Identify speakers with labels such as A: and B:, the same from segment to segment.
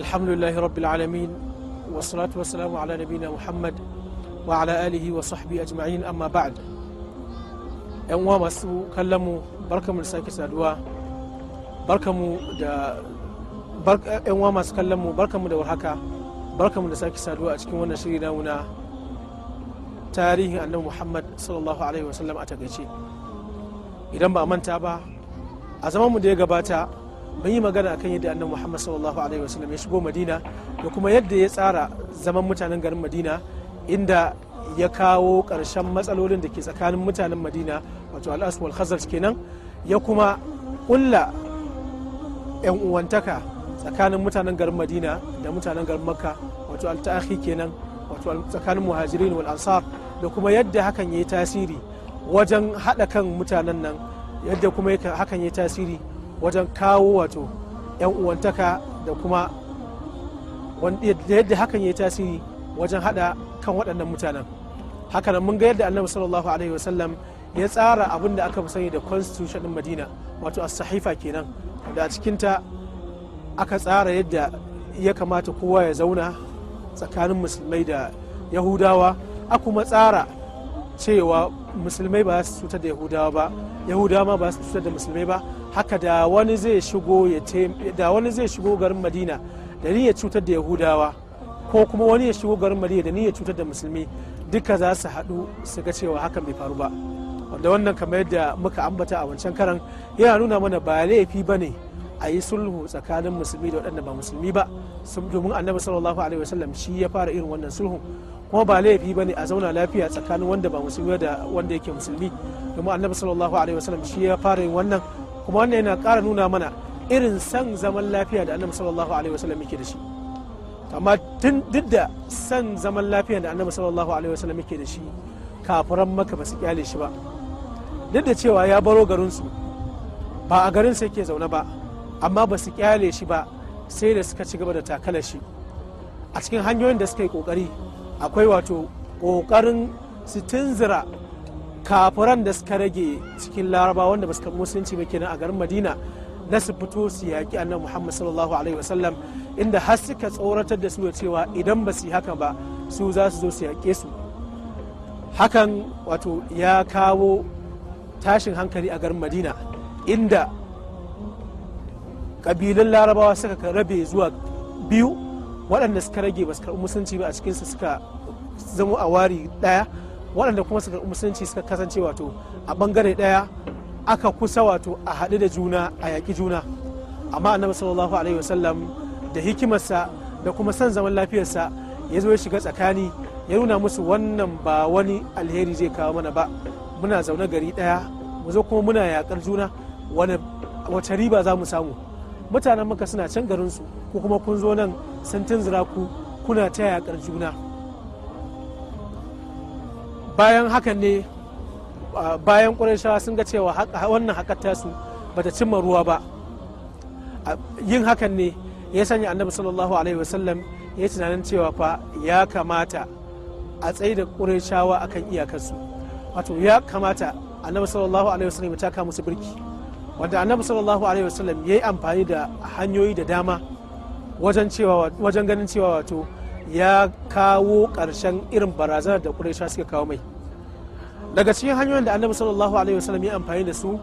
A: alhamdulillahi rabbil alamin wasalatu wasalamu ala nabina muhammad wa ala alihi wa sahbi ajma'in amma ba'd yan uwa masu kallon mu barkamu da sake saduwa barkamu da yan uwa masu kallon barkamu da warhaka barkamu da sake saduwa a cikin wannan shiri namu na tarihin annabu muhammad sallallahu alaihi wasallam a takaice idan ba manta ba a zaman mu da ya gabata mun yi magana akan yadda annabi Muhammad sallallahu alaihi wasallam ya shigo Madina da kuma yadda ya tsara zaman mutanen garin Madina inda ya kawo ƙarshen matsalolin da ke tsakanin mutanen Madina wato al wal Khazraj kenan ya kuma kulla ƴan uwantaka tsakanin mutanen garin Madina da mutanen garin Makka wato al kenan wato tsakanin muhajirin wal ansar da kuma yadda hakan ya yi tasiri wajen haɗa kan mutanen nan yadda kuma hakan ya yi tasiri wajen kawo wato 'yan uwantaka da kuma yadda hakan ya yi tasiri wajen hada kan waɗannan mutanen hakanan mun ga yadda annabi sallallahu alaihi wasallam ya tsara abin da aka sani da constitution din madina wato as-sahifa kenan da a cikinta aka tsara yadda ya kamata kowa ya zauna tsakanin musulmai da yahudawa a kuma tsara cewa musulmai ba su cutar da yahudawa ba yahudawa ma ba su cutar da musulmai ba haka da wani zai shigo ya da wani zai shigo garin madina da ni ya cutar da yahudawa ko kuma wani ya shigo garin madina da ni ya cutar da musulmi duka za su haɗu su ga cewa hakan bai faru ba wanda wannan kamar yadda muka ambata a wancan karan yana nuna mana ba laifi ba ne a yi sulhu tsakanin musulmi da waɗanda ba musulmi ba domin annabi sallallahu alaihi wasallam shi ya fara irin wannan sulhu kuma ba laifi bane a zauna lafiya tsakanin wanda ba musulmi da wanda yake musulmi domin annabi sallallahu alaihi wasallam shi ya fara yin wannan kuma wannan yana ƙara nuna mana irin san zaman lafiya da annabi sallallahu alaihi wasallam yake da shi amma duk da san zaman lafiya da annabi sallallahu alaihi wasallam yake da shi kafiran maka ba su kyale shi ba duk da cewa ya baro garinsu ba a garin garinsa yake zaune ba amma ba su kyale shi ba sai da suka ci gaba da takalashi shi a cikin hanyoyin da suka yi kokari akwai wato ƙoƙarin su tunzura kafuran da suka rage cikin laraba wanda ba su kan musulunci ba kenan a garin madina na su fito su yaƙi annabi muhammad sallallahu alaihi wasallam inda har suka tsoratar da su da cewa idan ba su yi haka ba su za su zo su yaƙe su hakan wato ya kawo tashin hankali a garin madina inda ƙabilun larabawa suka rabe zuwa biyu waɗanda suka rage ba su karɓi musulunci ba a cikinsu suka zamo a wari ɗaya waɗanda kuma suka karɓi musulunci suka kasance wato a ɓangare ɗaya aka kusa wato a haɗu da juna a yaƙi juna amma annabi sallallahu alaihi wasallam da hikimarsa da kuma san zaman lafiyarsa ya zo ya shiga tsakani ya nuna musu wannan ba wani alheri zai kawo mana ba muna zaune gari ɗaya mu zo kuma muna yaƙar juna wani wace riba za mu samu mutanen maka suna can garinsu ko kuma kun zo nan sun tunzura ku kuna ta yaƙar juna bayan hakan ne bayan ƙurashawa sun ga cewa wannan haƙar su bata cimma ruwa ba yin hakan ne ya sanya annabi sallallahu alaihi wasallam ya tunanin cewa fa ya kamata a tsaye da shawa akan iyakarsu wato ya kamata annabi sallallahu alaihi wasallam ya taka musu birki wanda annabi sallallahu alaihi wasallam ya yi amfani da hanyoyi da dama wajen ganin cewa wato ya kawo ƙarshen irin barazanar da ƙuraisha suka kawo mai daga cikin hanyoyin da annabi sallallahu alaihi wasallam ya amfani da su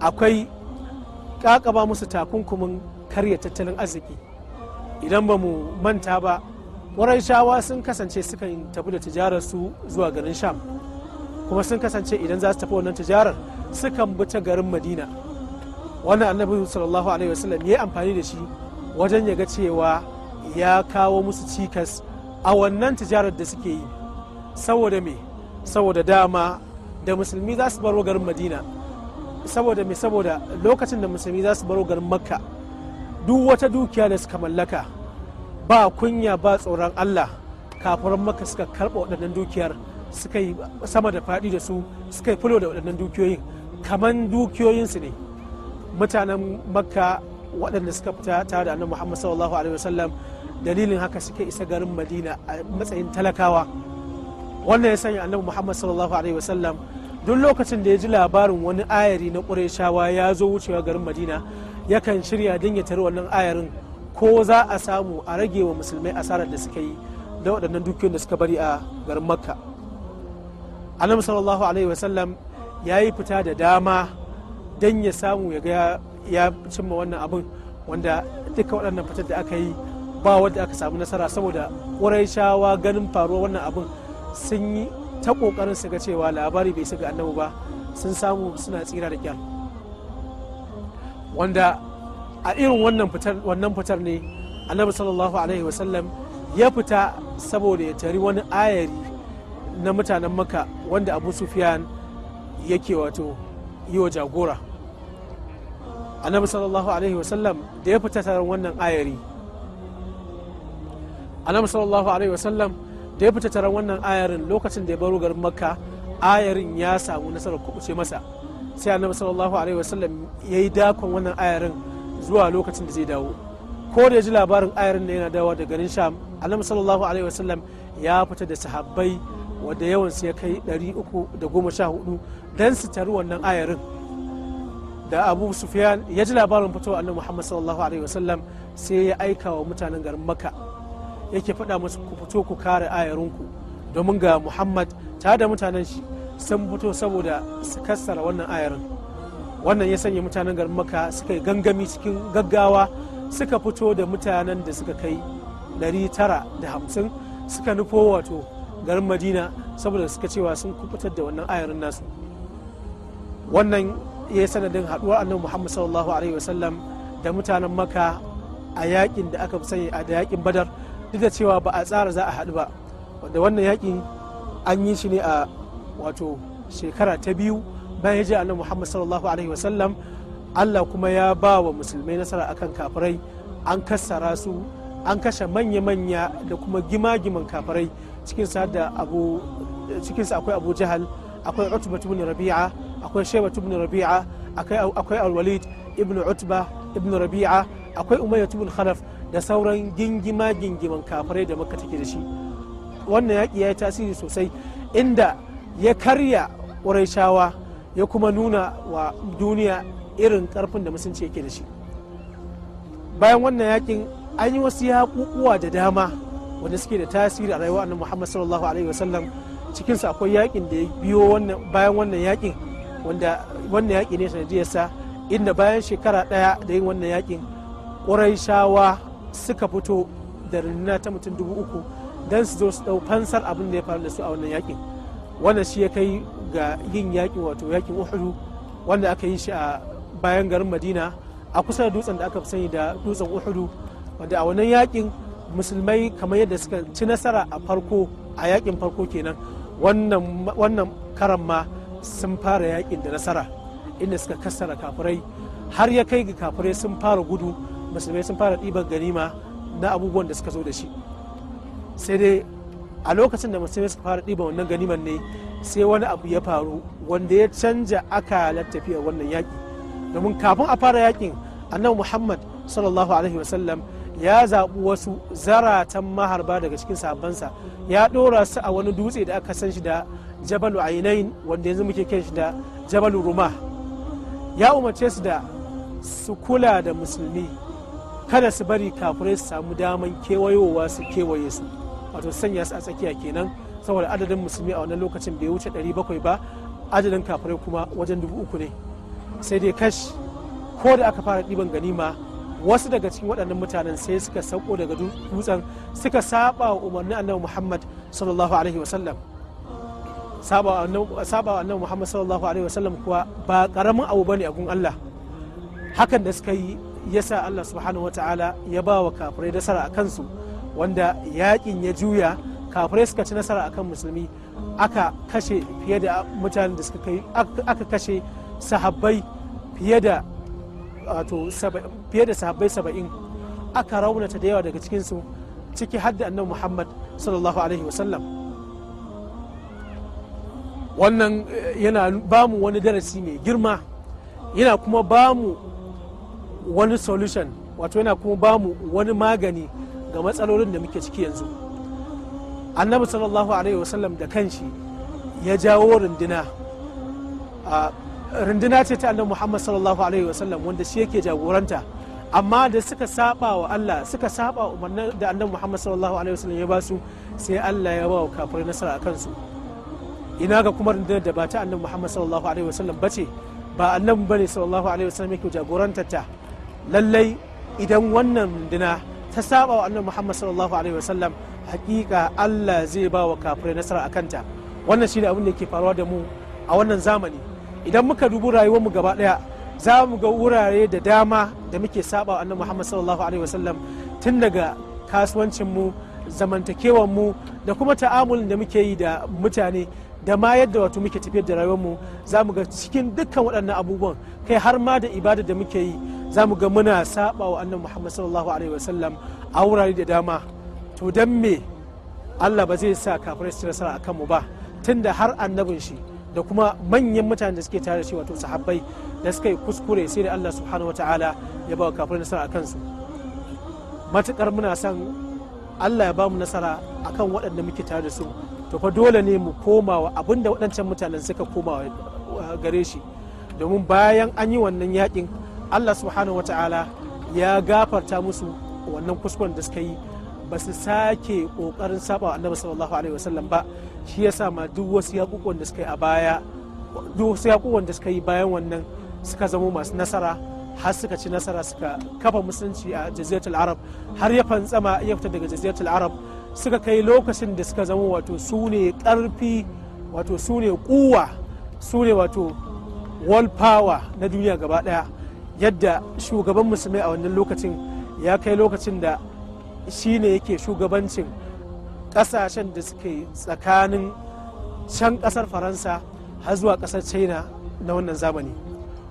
A: akwai kakaba musu takunkumin karya tattalin arziki idan ba mu manta ba shawa sun kasance sukan tafi da tijarar su zuwa garin sham kuma sun kasance idan za su tafi wannan tijarar sukan bi ta garin madina wannan annabi sallallahu alaihi wasallam ya amfani da shi wajen ya ga cewa ya kawo musu cikas a wannan tijarar da suke yi saboda me saboda dama da musulmi za su baro garin madina saboda me saboda lokacin da musulmi za su baro garin makka duk wata dukiya da suka mallaka ba kunya ba tsoron allah kafin makka suka karɓa waɗannan dukiyar suka yi sama da faɗi da su suka yi fulo da waɗannan dukiyoyin kamar dukiyoyinsu ne mutanen makka waɗanda suka fita tare da muhammad sallallahu alaihi wasallam dalilin haka suke isa garin madina a matsayin talakawa wannan ya sanya annabi muhammad sallallahu alaihi wasallam duk lokacin da ya ji labarin wani ayari na ƙureshawa ya zo wucewa garin madina yakan shirya don ya tari wannan ayarin ko za a samu a rage wa musulmai asarar da suka yi da waɗannan dukiyoyin da suka bari a garin makka annabi sallallahu alaihi wasallam ya yi fita da dama don ya samu ya ya cimma wannan abin wanda duka waɗannan fitar da aka yi ba wadda aka samu nasara saboda ƙurai shawa ganin faruwa wannan abin sun yi ta ƙoƙarin su ga cewa labari bai ga annabu ba sun samu suna tsira da kyan wanda a irin wannan fitar ne annabi sallallahu alaihi wasallam ya fita saboda ya tari wani ayari na mutanen maka wanda abu sufiyan yake wato yi wa jagora annabi sallallahu alaihi wasallam da ya fita taron wannan ayari annabi sallallahu alaihi wasallam da ya fita taron wannan ayarin lokacin da ya baro garin makka ayarin ya samu nasarar kubuce masa sai annabi sallallahu alaihi wasallam ya yi dakon wannan ayarin zuwa lokacin da zai dawo ko da ya ji labarin ayarin da yana dawa da garin sham annabi sallallahu alaihi wasallam ya fita da sahabbai wanda yawan sai ya kai 314 don su taru wannan ayarin da abu sufyan ya ji labarin fitowa annabi muhammad sallallahu alaihi wasallam sai ya aika wa mutanen garin makka yake faɗa musu ku fito ku kare ayarinku domin ga muhammad tare da mutanen shi sun fito saboda su kassara wannan ayarin wannan ya sanya mutanen garin makka suka yi gangami cikin gaggawa suka fito da mutanen da suka kai tara da hamsin suka nufo wato garin madina saboda suka cewa sun kubutar da wannan ayarin nasu wannan ya sanadin haduwar annabi muhammad sallallahu alaihi wasallam da mutanen maka a yakin da aka sani a da yakin badar duk da cewa ba a tsara za a haɗu ba wanda wannan yakin an yi shi ne a wato shekara ta biyu bayan hijira annabi muhammad sallallahu alaihi wasallam allah kuma ya ba wa musulmai nasara akan kafirai an kassara su an kashe manya-manya da kuma gima-giman kafirai cikinsa akwai abu jahal akwai utubatu bin rabi'a akwai shaibatu ibn rabi'a akwai alwalid ibn utba ibn rabi'a akwai umayyatu ibn khalaf da sauran gingima gingiman kafirai da makka take da shi wannan yaƙi ya yi tasiri sosai inda ya karya ƙuraishawa ya kuma nuna wa duniya irin ƙarfin da musulunci yake da shi bayan wannan yaƙin an yi wasu yaƙuƙuwa da dama wanda suke da tasiri a rayuwar annabi muhammad sallallahu alaihi wasallam cikinsa akwai yaƙin da ya biyo bayan wannan yaƙin wanda wannan yaƙi ne sanadiyarsa inda bayan shekara ɗaya da yin wannan yaƙin ƙuraishawa suka fito da rinna ta mutum dubu uku don su zo su ɗau fansar abin da ya faru da su a wannan yaƙin wannan shi ya kai ga yin yaƙin wato yaƙin uhudu wanda aka yi shi a bayan garin madina a kusa da dutsen da aka fi sani da dutsen uhudu wanda a wannan yaƙin musulmai kamar yadda suka ci nasara a farko a yaƙin farko kenan wannan karan sun fara yakin da nasara inda suka kassara kafirai har ya kai ga kafirai sun fara gudu musulmai sun fara ɗiban ganima na abubuwan da suka zo da shi sai dai a lokacin da musulmai suka fara ɗiban wannan ganiman ne sai wani abu ya faru wanda ya canja akalar tafiyar wannan yaƙi domin kafin a fara yaƙin annabi muhammad sallallahu alaihi wasallam ya zaɓi wasu zaratan maharba daga cikin sabansa ya ɗora su a wani dutse da aka san shi da jabalu ainihin wanda yanzu muke kyan shi da jabalu ruma ya umarce su da su kula da musulmi kada su bari kafirai su samu daman kewayowa su kewaye su wato sanya su a tsakiya kenan saboda adadin musulmi a wannan lokacin bai wuce 700 ba adadin kafirai kuma wajen dubu uku ne sai dai kashi ko da aka fara ɗiban ganima wasu daga cikin waɗannan mutanen sai suka sauko daga dutsen suka saba wa umarnin annabi muhammad sallallahu alaihi wasallam saba wa annabi muhammad sallallahu alaihi wasallam kuwa ba karamin abu bane a gun allah hakan da suka yi ya sa allah subhanahu wataala ya ba wa kafirai nasara a kansu wanda yakin ya juya kafirai suka ci nasara akan musulmi aka kashe fiye da mutanen da suka kai aka kashe sahabbai fiye da fiye da sahabbai saba'in aka raunata da yawa daga cikinsu ciki har da annabi muhammad sallallahu alaihi wasallam wannan eh, yana bamu wani darasi mai girma yana kuma bamu wani solution wato yana kuma bamu wani magani ga matsalolin da muke ciki yanzu annabi sallallahu alaihi wasallam da kanshi ya jawo rundina a runduna ce ta annabi muhammad sallallahu alaihi wasallam wanda shi yake jagoranta amma da suka saba wa Allah suka saba umarnin da annabi muhammad sallallahu alaihi wasallam ya basu sai Allah ya ba wa kafirai nasara akan su ina ga kuma rundunar da ba ta annabi muhammad sallallahu alaihi wasallam bace ba annabi bane sallallahu alaihi wasallam yake jagorantar ta lallai idan wannan runduna ta saba wa annabi muhammad sallallahu alaihi wasallam hakika Allah zai ba wa kafirai nasara akan ta wannan shine abin da ke faruwa da mu a wannan zamani idan muka dubi rayuwarmu gaba daya za mu ga wurare da dama da muke saba annabi Muhammad sallallahu alaihi wasallam tun daga kasuwancinmu zamantakewanmu da kuma ta'amulin da muke yi da mutane da ma yadda wato muke tafiyar da rayuwarmu za mu ga cikin dukkan waɗannan abubuwan kai har ma da ibada da muke yi za mu ga muna saba wa annabi Muhammad sallallahu alaihi wasallam a wurare da dama to dan me Allah ba zai sa kafirai su nasara akan mu ba tunda har annabin shi da kuma manyan mutanen da suke tare da shi wato sahabbai da suka yi kuskure sai da Allah subhanahu wataala ya ba kafirai nasara a kansu matukar muna son Allah ya ba mu nasara kan waɗanda muke tare da su to fa dole ne mu komawa abinda waɗancan mutanen suka komawa gare shi domin bayan an yi wannan yakin Allah subhanahu wataala ya gafarta musu wannan kuskuren da suka yi ba su sake kokarin saba wa annabi sallallahu alaihi wasallam ba shi yasa ma duk wasu yakukuwan da suka yi a baya duk wasu yakukuwan da suka yi bayan wannan suka zama masu nasara har suka ci nasara suka kafa musulunci a jaziratul arab har ya fantsama ya fita daga jaziratul arab suka kai lokacin da suka zama wato su ne karfi wato su ne kuwa su ne wato wall power na duniya gaba daya yadda shugaban musulmai a wannan lokacin ya kai lokacin da shi ne yake shugabancin ƙasashen da suke tsakanin can ƙasar faransa har zuwa ƙasar china na wannan zamani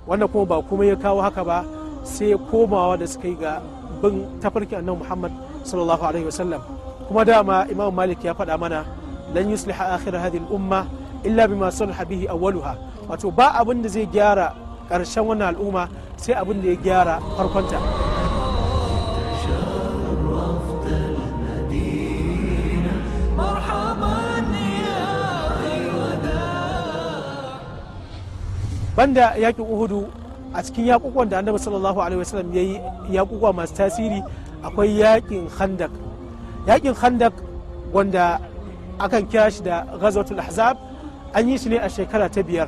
A: wannan kuma ba kuma ya kawo haka ba sai komawa da suka yi ga bin tafarki annabi muhammad sallallahu alaihi wasallam kuma dama imam malik ya faɗa mana lan yusliha akhir hadhihi al-umma illa bima sulha bihi awwaluha wato ba abin da zai gyara ƙarshen wannan al'umma sai abin da ya gyara farkonta banda yakin uhudu a cikin yakukuwan da annabi sallallahu alaihi wasallam ya yi yakukuwa masu tasiri akwai yakin handak yakin handak wanda akan kira shi da ghazwatul ahzab an yi shi ne a shekara ta biyar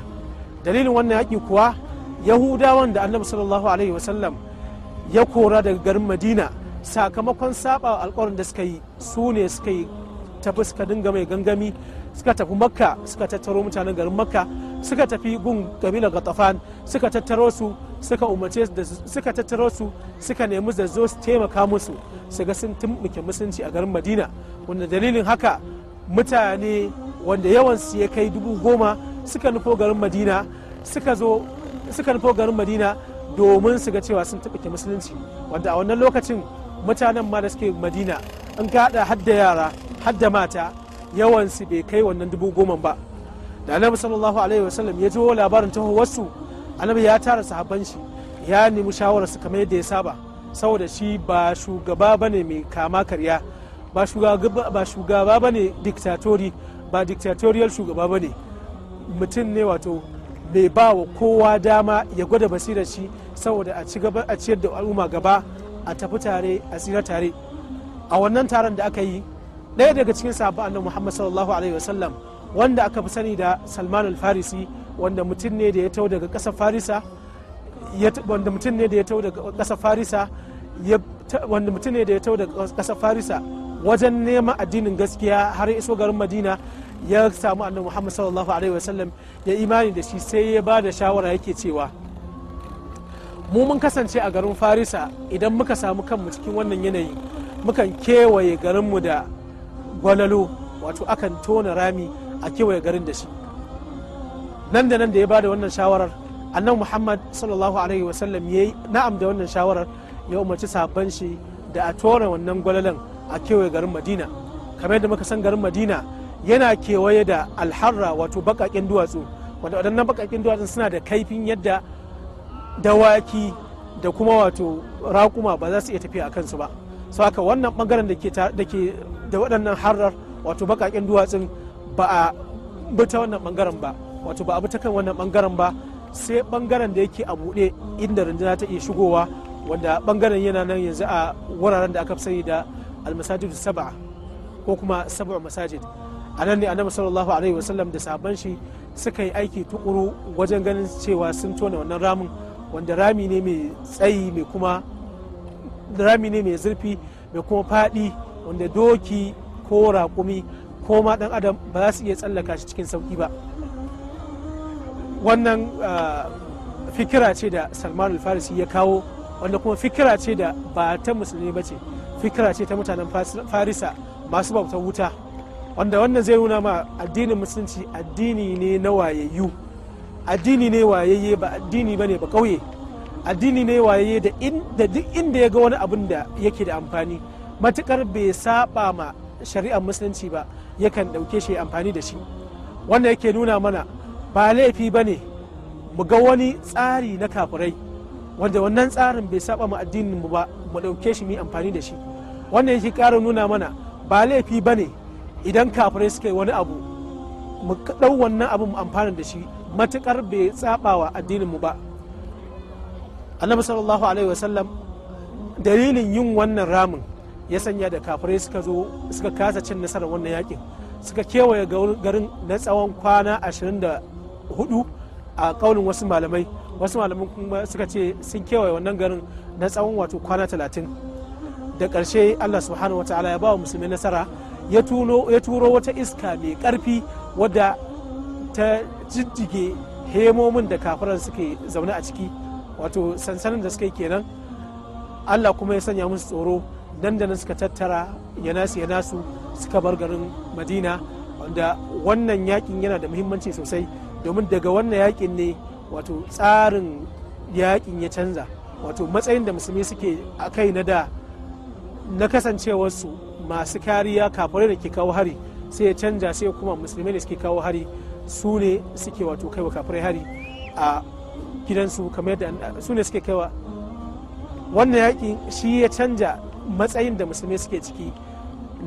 A: dalilin wannan yaki kuwa yahudawan da annabi sallallahu alaihi wasallam ya kora daga garin madina sakamakon saba alkawarin da suka yi su ne suka yi tafi suka dinga mai gangami suka tafi makka suka tattaro mutanen garin makka suka tafi gun kabilar gatafan suka tattaro su suka umarce suka tattaro su suka nemi zazzo su taimaka musu su ga sun tumɓuke musulunci a garin madina wanda dalilin haka mutane wanda su ya kai dubu goma suka nufo garin madina suka zo suka nufo garin madina domin su ga cewa sun taɓuke musulunci wanda a wannan lokacin mutanen ma da suke madina an gaɗa hadda yara hadda mata yawan su bai kai wannan dubu goma ba da annabi sallallahu alaihi wasallam ya jiwo labarin tahowarsu annabi ya tara sahabban shi ya nemi su kamar yadda ya saba saboda shi ba shugaba bane mai kama karya ba shugaba bane diktatori ba diktatoriyar shugaba bane mutum ne wato mai ba wa kowa dama ya gwada basirar shi saboda a ciyar da al'umma gaba a tafi tare a tsira tare a wannan taron da aka yi ɗaya daga cikin sahabban annabi muhammad sallallahu alaihi wasallam wanda aka fi sani da salman al-farisi wanda mutum ne da ya tau daga ƙasar farisa wanda mutum ne da ya tau daga ƙasar farisa wanda mutum ne da ya tau daga ƙasar farisa wajen neman addinin gaskiya har iso garin madina ya samu annabi muhammad sallallahu alaihi wasallam ya imani da shi sai ya ba da shawara yake cewa mu mun kasance a garin farisa idan muka samu kanmu cikin wannan yanayi mukan kewaye garinmu da gwalalo wato akan tona rami a kewaye garin da shi nan da nan da ya bada wannan shawarar annabi muhammad sallallahu alaihi wasallam ya yi na'am da wannan shawarar ya umarci sabon shi da a tora wannan gwalalan a kewaye garin madina kamar yadda muka san garin madina yana kewaye da alharra wato bakakin duwatsu wanda waɗannan bakakin duwatsun suna da kaifin yadda dawaki da kuma wato raƙuma ba za su iya tafiya a kansu ba sau haka wannan bangaren da ke da waɗannan harrar wato bakakin duwatsun ba a bi ta wannan bangaren ba wato ba a bi kan wannan bangaren ba sai bangaren da yake a buɗe inda rundunar ta iya shigowa wanda bangaren yana nan yanzu a wuraren da aka sani da almasajid saba ko kuma saba masajid a nan ne annabi sallallahu alaihi wasallam da sabon shi suka yi aiki tukuru wajen ganin cewa sun tona wannan ramin wanda rami ne mai tsayi mai kuma rami ne mai zurfi mai kuma faɗi wanda doki ko raƙumi ko ma dan adam ba za su iya tsallaka shi cikin sauki ba wannan ah, fikira ce da salman ya kawo wanda kuma fikira ce da ba ta musulmi ba ce fikira ce ta mutanen farisa masu bautar wuta wanda wannan zai nuna ma addinin musulunci addini ne na wayayyu addini ne wayayye ba addini ba ne ba kauye addini ne wayayye da duk inda ya ga wani abin da yake da amfani matukar bai saba ma shari'ar musulunci ba yakan ɗauke shi amfani da shi wannan yake nuna mana ba laifi ba ne mu ga wani tsari na kafirai wanda wannan tsarin bai saba mu addinin mu ba mu ɗauke shi mu amfani da shi wannan yake ƙara nuna mana ba laifi ba ne idan kafirai suka yi wani abu mu ɗau wannan abu mu amfana da shi matuƙar bai saba wa addinin mu ba annabi sallallahu alaihi wasallam dalilin yin wannan ramin ya sanya da kafirai suka zo suka kasa cin nasarar wannan yakin suka kewaye garin na tsawon kwana 24 a kaunin wasu malamai wasu malamai kuma suka ce sun kewaye wannan garin na tsawon wato kwana 30 da ƙarshe allah subhanahu wa ta'ala ya ba wa musulmi nasara ya turo wata iska mai karfi wadda ta jijjige hemomin da kafiran suke zaune a ciki wato sansanin da yi kenan allah kuma ya sanya musu tsoro nan suka tattara yanasu yanasu suka bar garin madina wanda wannan yakin yana da muhimmanci sosai domin daga wannan yakin ne wato tsarin yakin ya canza wato matsayin da musulmi suke a kai na da na kasancewarsu masu kariya kafare da ke kawo hari sai ya canja sai kuma musulmai da suke kawo hari su ne suke wato kaiwa kafirai hari a gidansu kamar yadda su ne suke kaiwa wannan yaƙi shi ya canja matsayin da musulmi suke ciki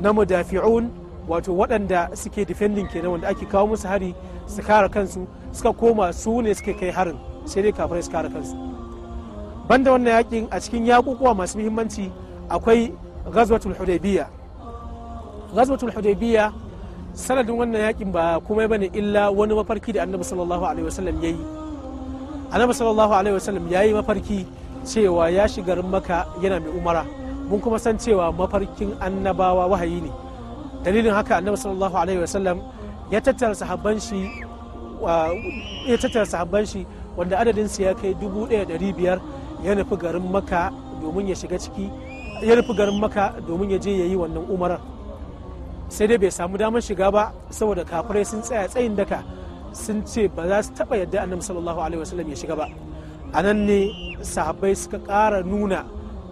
A: na mudafi'un wato waɗanda suke defending kenan wanda ake kawo musu hari su kare kansu suka koma su ne suke kai harin sai dai kafirai su kare kansu banda wannan yakin a cikin yakukuwa masu muhimmanci akwai ghazwatul hudaybiya ghazwatul hudaybiya sanadin wannan yakin ba kuma bane illa wani mafarki da annabi sallallahu alaihi wasallam yayi annabi sallallahu alaihi wasallam yayi mafarki cewa ya shiga maka yana mai umara mun kuma san cewa mafarkin annabawa wahayi ne dalilin haka annabi sallallahu alaihi wasallam ya tattara sahabban shi ya tattara sahabban shi wanda adadin su ya kai 1500 ya nufi garin maka domin ya shiga ciki ya nufi garin maka domin ya je ya yi wannan umarar sai dai bai samu damar shiga ba saboda kafirai sun tsaya tsayin daka sun ce ba za su taba yadda annabi sallallahu alaihi wasallam ya shiga ba a nan ne sahabbai suka ƙara nuna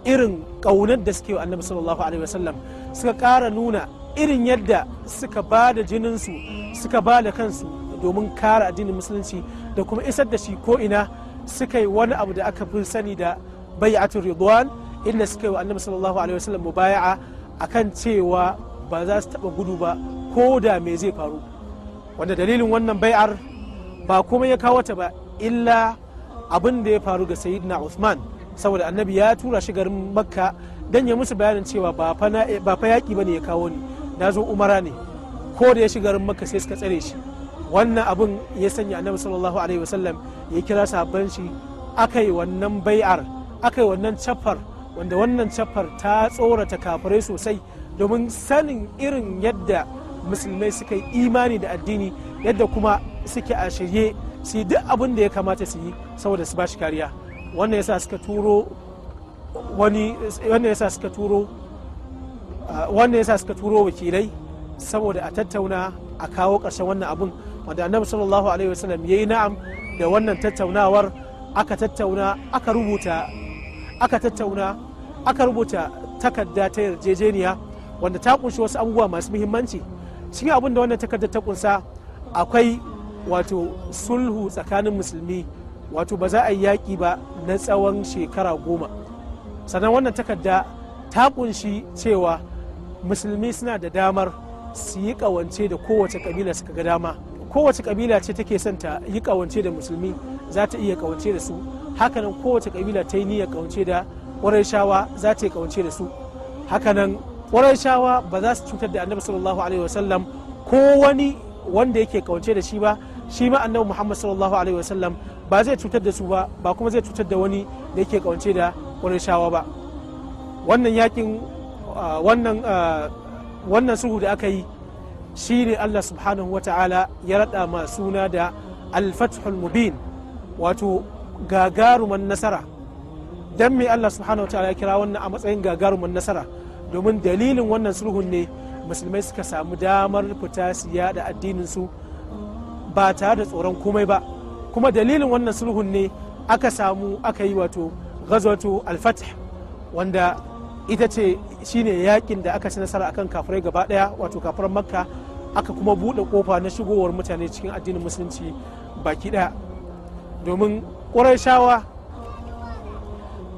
A: irin ƙaunar da suke wa annabi sallallahu alaihi wasallam suka ƙara nuna irin yadda suka ba da jininsu suka ba da kansu domin kare addinin musulunci da kuma isar da shi ko ina suka yi wani abu da aka fi sani da bai'atul ridwan inda suka yi wa annabi sallallahu alaihi wasallam mubaya'a akan cewa ba za su taba gudu ba ko da me zai faru wanda dalilin wannan bai'ar ba komai ya kawo ta ba illa abin da ya faru ga sayyidina Uthman saboda annabi ya tura shi garin makka don ya musu bayanin cewa ba fa yaƙi ba ne ya kawo ni na zo umara ne ko da ya shiga garin makka sai suka tsare shi wannan abin ya sanya annabi sallallahu alaihi wasallam ya kira sahabban shi aka yi wannan bai'ar aka yi wannan cafar wanda wannan cafar ta tsorata kafirai sosai domin sanin irin yadda musulmai suka yi imani da addini yadda kuma suke a shirye su yi duk abin da ya kamata su yi saboda su bashi kariya wannan yasa suka turo suka turo wannan yasa suka turo wakilai saboda a tattauna a kawo ƙarshen wannan abun wanda annabi sallallahu alaihi wasallam yayi na'am da wannan tattaunawar aka tattauna aka rubuta aka tattauna aka rubuta takarda ta yarjejeniya wanda ta kunshi wasu abubuwa masu muhimmanci cikin abin da wannan takarda ta kunsa akwai wato sulhu tsakanin musulmi wato ba za a yi yaƙi ba na tsawon shekara goma sannan wannan takarda ta kunshi cewa musulmi suna da damar su yi ƙawance da kowace ƙabila suka ga dama kowace kabila ce take son ta yi kawance da musulmi za ta iya ƙawance da su hakanan kowace ƙabila ta yi niyyar ƙawance da ƙwarai za ta yi ƙawance da su hakanan ƙwarai ba za su cutar da annabi sallallahu alaihi wasallam ko wani wanda yake kawance da shi ba shi ma annabi muhammad sallallahu alaihi wasallam ba zai cutar da su ba ba kuma zai cutar da wani da yake kawance da wani shawa ba wannan yakin wannan wannan sulhu da aka yi shi ne Allah subhanahu wa ta'ala ya raɗa ma suna da alfathul mubin wato gagaruman nasara don me Allah subhanahu wa ta'ala ya kira wannan a matsayin gagaruman nasara domin dalilin wannan sulhun ne musulmai suka samu damar fita su yada addinin su ba tare da tsoron komai ba kuma dalilin wannan sulhun ne aka samu aka yi wato ghazwatu al-fath wanda ita ce shine yakin da aka ci nasara akan kafirai gaba daya wato kafiran makka aka kuma buɗe kofa na shigowar mutane cikin addinin musulunci baki daya domin ƙurayshawa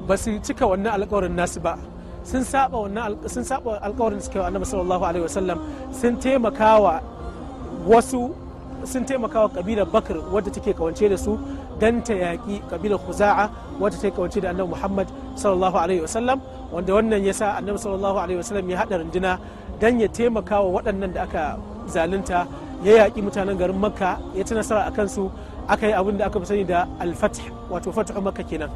A: ba su cika wannan alƙawarin nasu ba sun saba wannan sun saba alƙawarin suka yi annabi sallallahu alaihi wasallam sun taimakawa wasu sun taimaka wa kabilar bakar wadda take kawance da su don ta yaƙi kabilar huza'a wadda take kawance da annabi muhammad sallallahu alaihi wasallam wanda wannan ya sa annabi sallallahu alaihi wasallam ya haɗa runduna dan ya taimaka wa waɗannan da aka zalunta ya yaƙi mutanen garin makka ya ci nasara a kansu aka yi abin da aka fi sani da alfatih wato fatihu makka kenan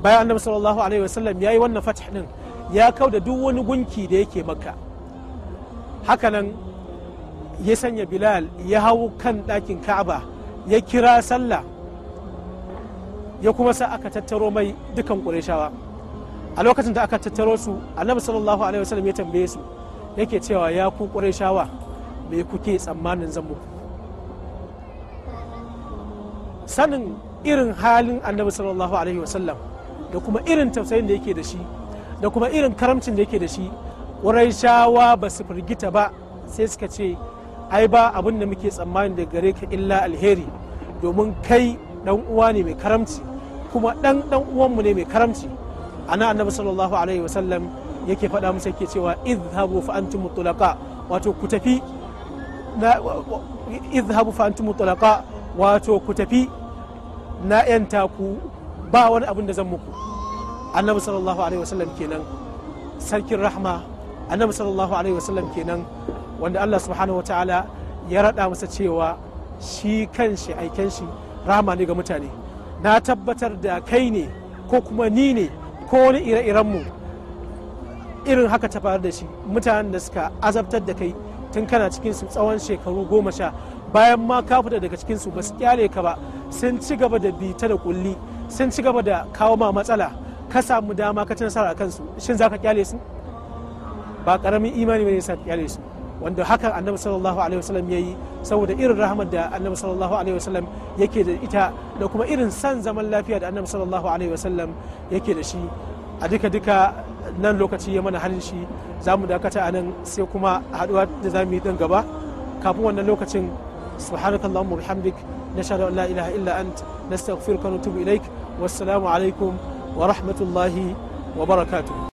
A: bayan annabi sallallahu alaihi wasallam ya yi wannan fatih din ya kau da duk wani gunki da yake makka hakanan ya sanya bilal ya hau kan ɗakin ka'aba ya kira sallah ya kuma sa aka tattaro mai dukan ƙureshawa a lokacin da aka tattaro su annabi sallallahu alaihi wasallam ya tambaye su yake cewa ya ku ƙureshawa me kuke tsammanin zan muku sanin irin halin annabi sallallahu alaihi wasallam da kuma irin tausayin da yake da shi da kuma irin karamcin da yake da shi ƙureshawa ba su firgita ba sai suka ce ai ba abin da muke tsammani da gare ka illa alheri domin kai dan uwa ne mai karamci kuma dan dan uwanmu ne mai karamci ana annabi sallallahu alaihi wasallam yake faɗa musu yake cewa izhabu fa antum mutlaqa wato ku tafi na izhabu fa antum mutlaqa wato ku tafi na yanta ku ba wani abin da zan muku annabi sallallahu alaihi wasallam kenan sarkin rahma annabi sallallahu alaihi wasallam kenan wanda Allah subhanahu wataala ya raɗa masa cewa shi kan kanshi aiken shi rama ne ga mutane na tabbatar da kai ne ko kuma ni ne ko wani ire iren mu irin haka ta faru da shi mutanen da suka azabtar da kai tun kana cikin su tsawon shekaru goma sha bayan ma ka fita daga su ba su kyale ka ba sun ci gaba da bita da kulli sun ci gaba da kawo ma matsala ka samu dama ka ci nasara kansu shin za ka kyale su ba karamin imani ne sa kyale su wanda hakan annabi sallallahu alaihi wasallam yayi saboda irin rahmar da annabi sallallahu alaihi wasallam yake da ita da kuma irin san zaman lafiya da annabi sallallahu alaihi wasallam yake da shi a duka duka nan lokaci ya mana halin shi za mu dakata a nan sai kuma haduwa da za mu yi din gaba kafin wannan lokacin subhanakallahumma wa bihamdik nashhadu an la ilaha illa ant nastaghfiruka wa natubu ilaik wassalamu alaikum wa rahmatullahi wa barakatuh